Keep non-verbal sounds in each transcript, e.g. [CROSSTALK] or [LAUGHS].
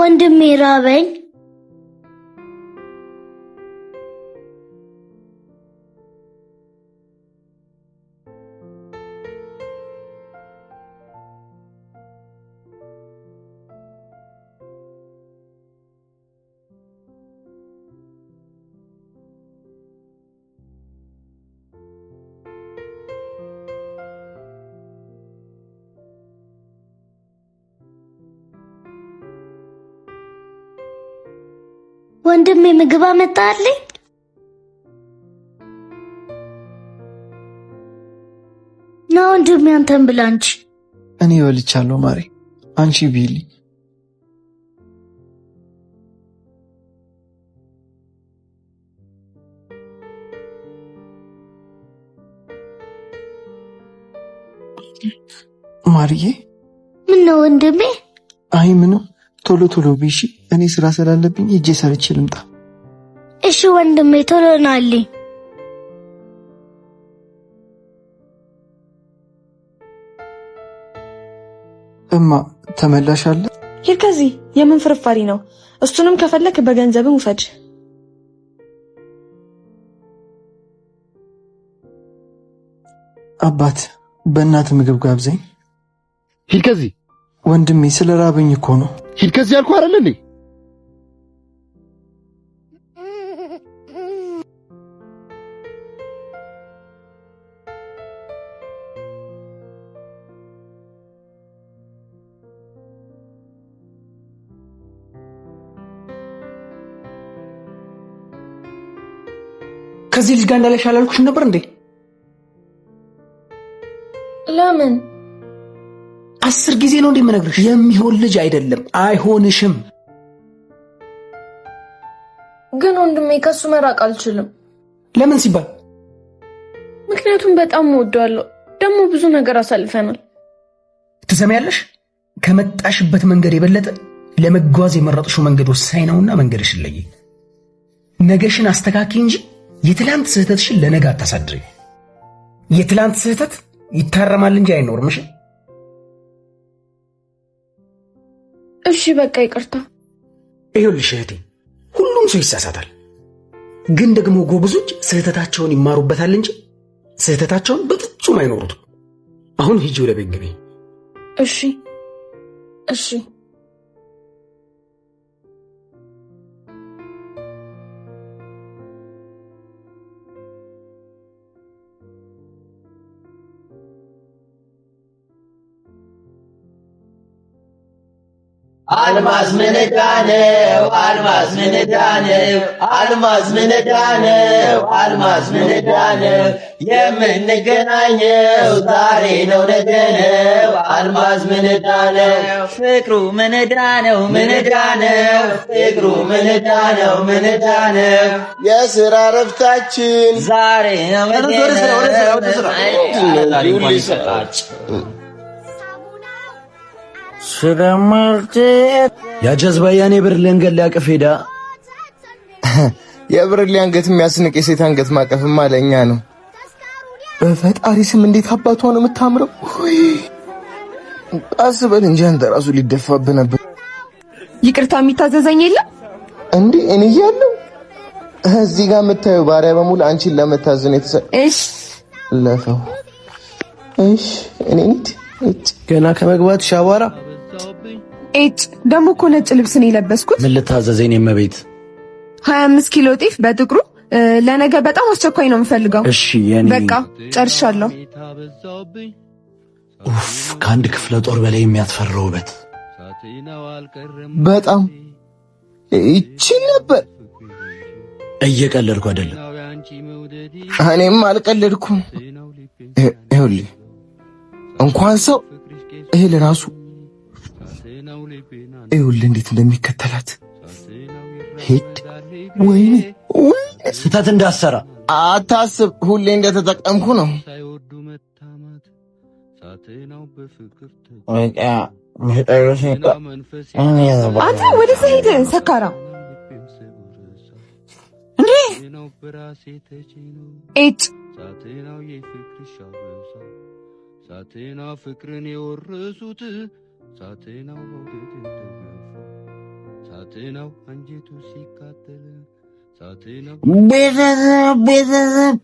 ወንድሜ ራበኝ ወንድም ምግብ አመጣልኝ። ና ወንድም ያንተን ብላ። አንቺ እኔ በልቻለሁ ማሬ፣ አንቺ ብይልኝ። ማርዬ፣ ምን ነው ወንድሜ? አይ ምንም ቶሎ ቶሎ ቢሺ፣ እኔ ስራ ስላለብኝ እጄ ሰርቼ ልምጣ። እሺ ወንድሜ ቶሎ ናልኝ። እማ ተመላሻለ። ሂድ ከዚህ የምን ፍርፋሪ ነው? እሱንም ከፈለክ በገንዘብም ውሰድ። አባት በእናት ምግብ ጋብዘኝ። ሂድ ከዚህ ወንድሜ፣ ስለ ራበኝ እኮ ነው። ሂድ ከዚህ ያልኩህ አይደል እንዴ? ከዚህ ልጅ ጋር እንዳለሽ አላልኩሽም ነበር እንዴ? ለምን አስር ጊዜ ነው እንደምነግርሽ የሚሆን ልጅ አይደለም፣ አይሆንሽም። ግን ወንድሜ ከሱ መራቅ አልችልም። ለምን ሲባል ምክንያቱም በጣም እወደዋለሁ። ደግሞ ብዙ ነገር አሳልፈናል። ትሰሚያለሽ? ከመጣሽበት መንገድ የበለጠ ለመጓዝ የመረጥሽው መንገድ ወሳኝ ነውና መንገድሽ ለይ። ነገሽን አስተካኪ እንጂ የትላንት ስህተትሽን ለነገ አታሳድሪ። የትላንት ስህተት ይታረማል እንጂ አይኖርምሽ። እሺ በቃ ይቅርታ። ይኸውልሽ እህቴ፣ ሁሉም ሰው ይሳሳታል። ግን ደግሞ ጎበዞች ስህተታቸውን ይማሩበታል እንጂ ስህተታቸውን በፍጹም አይኖሩትም። አሁን ሂጂ ወደ ቤት ግቢ። እሺ እሺ። አልማዝ ምንዳ ነው አልማዝ ምንዳ ነው አልማዝ ምንዳ ነው አልማዝ ምንዳ ነው የምንገናኘው ዛሬ ነው ነገ ነው አልማዝ ምንዳ ፍቅሩ ምንዳ ነው ምንዳ ነው ፍቅሩ ምንዳ ነው ምንዳ የስራ ረፍታችን ዛሬ ነው ነገ ስለማልች ያ ጀዝባ ያኔ ብርሌ አንገት ሊያቅፍ ሄዳ [LAUGHS] የብርሌ አንገት የሚያስንቅ የሴት አንገት ማቀፍማ ለእኛ ነው። በፈጣሪ ስም እንዴት አባቷ ነው የምታምረው! አስበል እንጂ አንተ ራሱ ሊደፋብህ ነበር። ይቅርታ የሚታዘዘኝ የለም እንዴ? እኔ ያለው እዚህ ጋር የምታየው ባሪያ በሙሉ አንቺን ለመታዘን የተሰ እሺ፣ ለፈው እሺ። እኔ እንዴ ገና ከመግባት ሻዋራ ኤጭ ደግሞ እኮ ነጭ ልብስን የለበስኩት ምን ልታዘዘኝ የመቤት ሀያ አምስት ኪሎ ጤፍ በጥቁሩ ለነገ በጣም አስቸኳይ ነው የምፈልገው። እሺ የኔ በቃ ጨርሻለሁ። ኡፍ ከአንድ ክፍለ ጦር በላይ የሚያስፈራ ውበት። በጣም ይቺን ነበር። እየቀለድኩ አይደለም። እኔም አልቀለድኩም። ይኸውልህ እንኳን ሰው ይሄ ለራሱ ይኸውልህ እንዴት እንደሚከተላት ሄድ። ወይኔ ስህተት እንዳሰራ አታስብ፣ ሁሌ እንደተጠቀምኩ ነው። አንተ ወደዛ ሄድ ሰካራ እንዴ ኤጭ ሳትናው ሞገድ ተገፎ ሳትናው አንጀቱ ሲካተል ቤተሰብ ቤተሰብ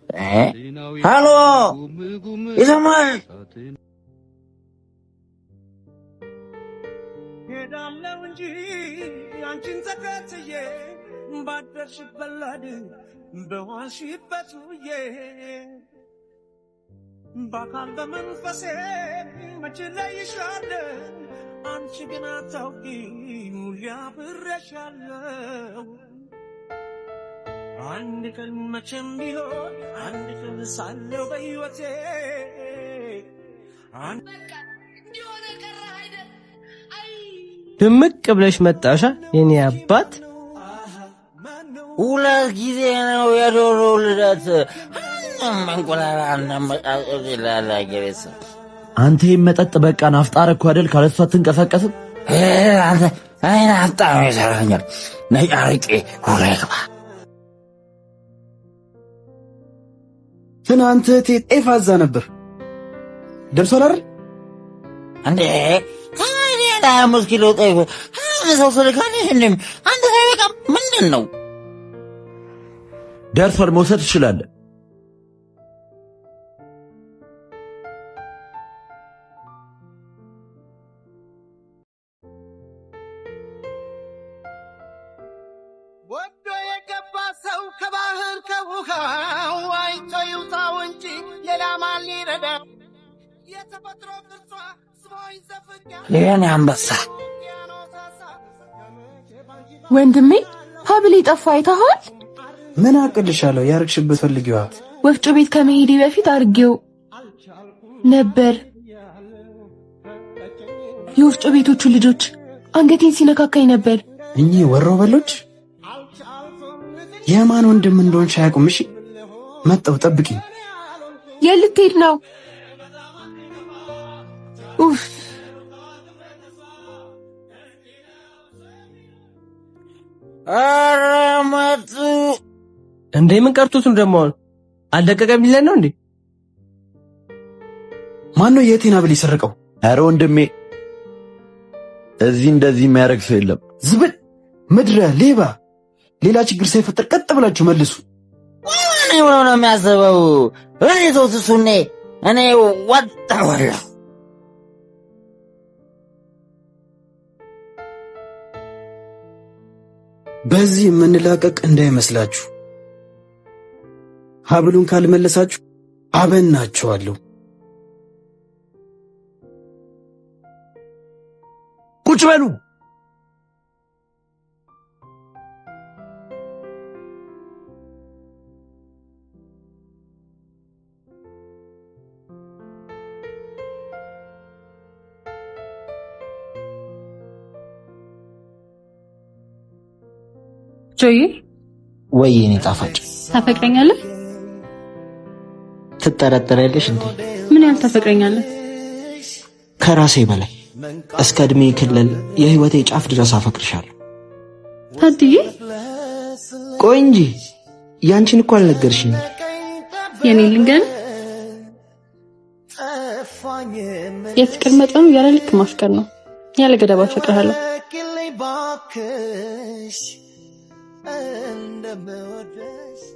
ሀሎ ይሰማል። ሄዳለው እንጂ አንቺን ተከትዬ ባደርሽበት ላድን በዋልሽበት ውዬ በአካል በመንፈሴ መች አንቺ ግን አታውቂም ሊያብረሻለው አንድ ቀን መቼም ቢሆን አንድ ቀን ሳለው በሕይወቴ ድምቅ ብለሽ መጣሻ የኔ አባት። ሁለት ጊዜ ነው የዶሮ ልደት። አንዳም መንቆላላ አንዳም መቃቀል ይላል አገሬ ሰው አንተ ይህም መጠጥ በቃ ናፍጣ ረኩ አይደል? ካለሷ አትንቀሳቀስም። ናፍጣ ይሰራኛል። ነይ አርቄ ሁላ ግባ። ትናንት እህቴ ጤፍ አዛ ነበር ደርሷል አይደል እንዴ? ታዲያ አምስት ኪሎ ጤፍ ሰው ስልካን ይህንም አንድ ሰው ምንድን ነው ደርሷል፣ መውሰድ ትችላለህ። አይቶ ይውጣው እንጂ ሊረዳ? የተፈጥሮ አንበሳ ወንድሜ ሀብል ጠፋ አይተሃል? ምን አቅልሻለሁ? ያርግሽበት ፈልጊዋ ወፍጮ ቤት ከመሄዴ በፊት አርጌው ነበር። የወፍጮ ቤቶቹ ልጆች አንገቴን ሲነካካኝ ነበር። እኚህ ወሮ በሎች የማን ወንድም እንደሆንሽ አያውቁም። እሺ መጣው ጠብቂ የት ልትሄድ ነው? ኡፍ ኧረ መጡ እንዴ! ምን ቀርቶት ደግሞ? አልደቀቀም ሊለን ነው እንዴ? ማን ነው የቴና ብል ይሰርቀው? አረ ወንድሜ እዚህ እንደዚህ የሚያደርግ ሰው የለም። ዝብል ምድረ ሌባ ሌላ ችግር ሳይፈጠር ቀጥ ብላችሁ መልሱ። እኔ ብሎ ነው የሚያስበው። እኔ ተውስሱኔ እሱኔ እኔ ወጣወላ በዚህ የምንላቀቅ እንዳይመስላችሁ። ሀብሉን ካልመለሳችሁ አበናችኋለሁ። ቁጭ በሉ። ጆይ ወይ እኔ ጣፋጭ ታፈቅረኛለህ? ትጠረጠሪያለሽ እንዴ? ምን ያህል ታፈቅረኛለህ? ከራሴ በላይ እስከ እድሜ ክልል የህይወቴ ጫፍ ድረስ አፈቅርሻለሁ። ታድዬ ቆይ እንጂ ያንቺን እኮ አልነገርሽኝ። የኔ ልንገር የፍቅር መጠኑ ያለ ልክ ማፍቀር ነው። ያለ ገደባ አፈቅርሃለሁ። and i a melodist.